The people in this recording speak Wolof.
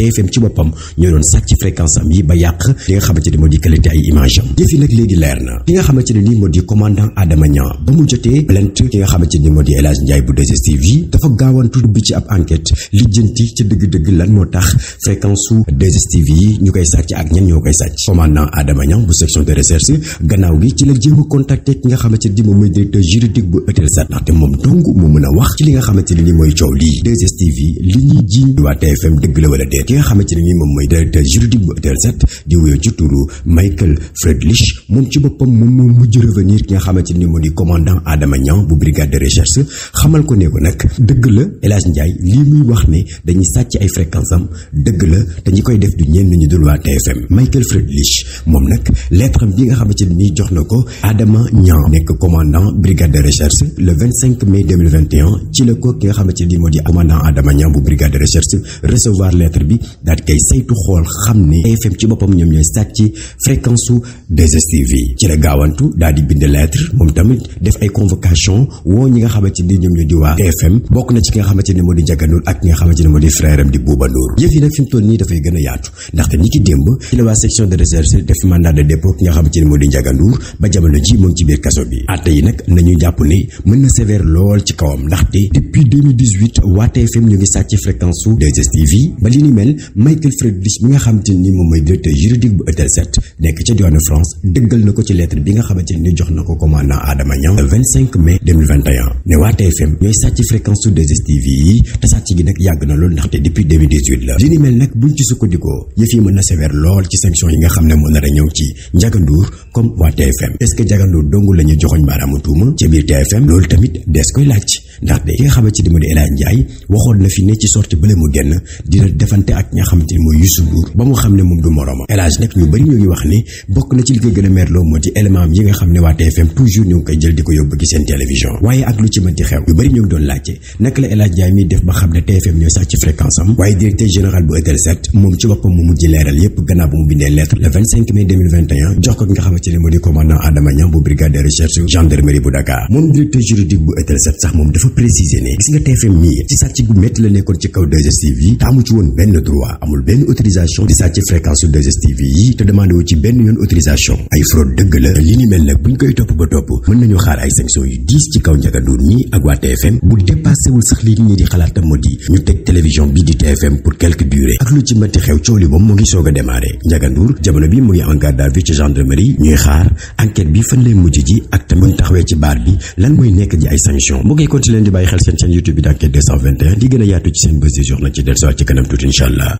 TFM ci boppam ñoo doon dafa gaawantu bi ci ab enquête lijjanti ci dëgg-dëgg lan moo tax fréquence su stv yi ñu koy sàcc ak ñan ñoo koy sàcc commandant Adama Niang bu section de recherche gannaaw gi ci la jéem a ki nga xamante ni moom mooy directeur juridique bu Eutelsat ndaxte moom dong moo mën a wax ci li nga xamante ni mooy coow lii 2STV li ñuy jiiñ waa TFM dëgg la wala déet ki nga xamante ne ni moom mooy directeur juridique bu hôtel 7 di wuyoo ci turu Michael Fredlich moom ci boppam moom moo mujj revenir ki nga xamante ne ni moo di commandant Adama Niang bu brigade de recherche xamal ko ne ko nag dëgg la El Hadj Ndiaye wax ne dañuy sàcc ay fréquence am la te ñi koy def du ñenn ñu dul waa TFM Michael moom nag lettre bi nga xamante ne ni jox na ko Adama Niang nekk commandant brigade de recherche le 25 mai 2021 ci la ko ki nga xamante ne ni moo di commandant Adama Niang bu brigade de recherche recevoir lettre bi bi daal di koy saytu xool xam ne TFM ci boppam ñoom ñooy sàcc ci fréquence stv ci la gaawantu daal di bind lettre moom tamit def ay convocation woo ñi nga xamante ni ñoom ñoo di waa TFM bokk na ci ki xamante ne moo di Ndiaga Ndour ak ki nga xamante ne moo di frère am di Bouba Ndour yëf yi nag fi mu toll nii dafay gën a yaatu ndaxte ni ki démb ci la waa section ne moo di Ndiaga ba jamono ji moom ci biir kaso bi atte yi nag nañu jàpp ne mën na sévère lool ci kawam ndaxte depuis 2018 waa TFM ñu ngi sàcc fréquence su 2STV ba li mel Michael Friedrich mi nga xamante ni moom mooy directeur juridique bu Eutelsat nekk ca diwaanu France dëggal na ko ci lettre bi nga xamante ni jox na ko commandant Adama Niang le ne waa TFM ñooy sàcc fréquence su 2STV yi te sàcc gi nag yàgg na loolu ndaxte depuis la li ni mel nag buñ ci sukkandikoo yëf yi mën na sévère lool ci sanction yi nga xam ne moo nar a ñëw ci Ndiaga comme waa TFM est-ce que Ndiaga dong la joxoñ baaraamu tuuma ca biir TFM diggante ak nga xamante ni mooy Youssou Ndour ba mu xam ne moom du moromam El Hadj ñu bëri ñu ngi wax ni bokk na ci li koy gën a merloo moo ci élément am yi nga xam ne di ko am e jox ko ki nga xamante moo di commandant Adama Niang bu brigade recherche gendarmerie bu Dakar moom directeur juridique bu Eutelsat sax moom dafa préciser ne gis nga TFM mii ci sàcc bu métti la nekkoon ci kaw 2 taamu ci woon benn de droit amul benn autorisation di sàcc fréquence su 2STV yi te demandé wu ci benn yoon autorisation ay fraude dëgg la li ni mel nag buñ koy topp ba topp mën nañu xaar ay sanctions yu diis ci kaw njagandoon ñi ak waa TFM bu dépassé sax li nit di xalaat tam moo ñu teg télévision bii di TFM pour quelque durée ak lu ci xew coow li moom mu ngi soog a démarré jamono bi mu ngi en garde ci gendarmerie ñuy xaar enquête bi fan lay mujj ji ak tam buñ a yaatu allah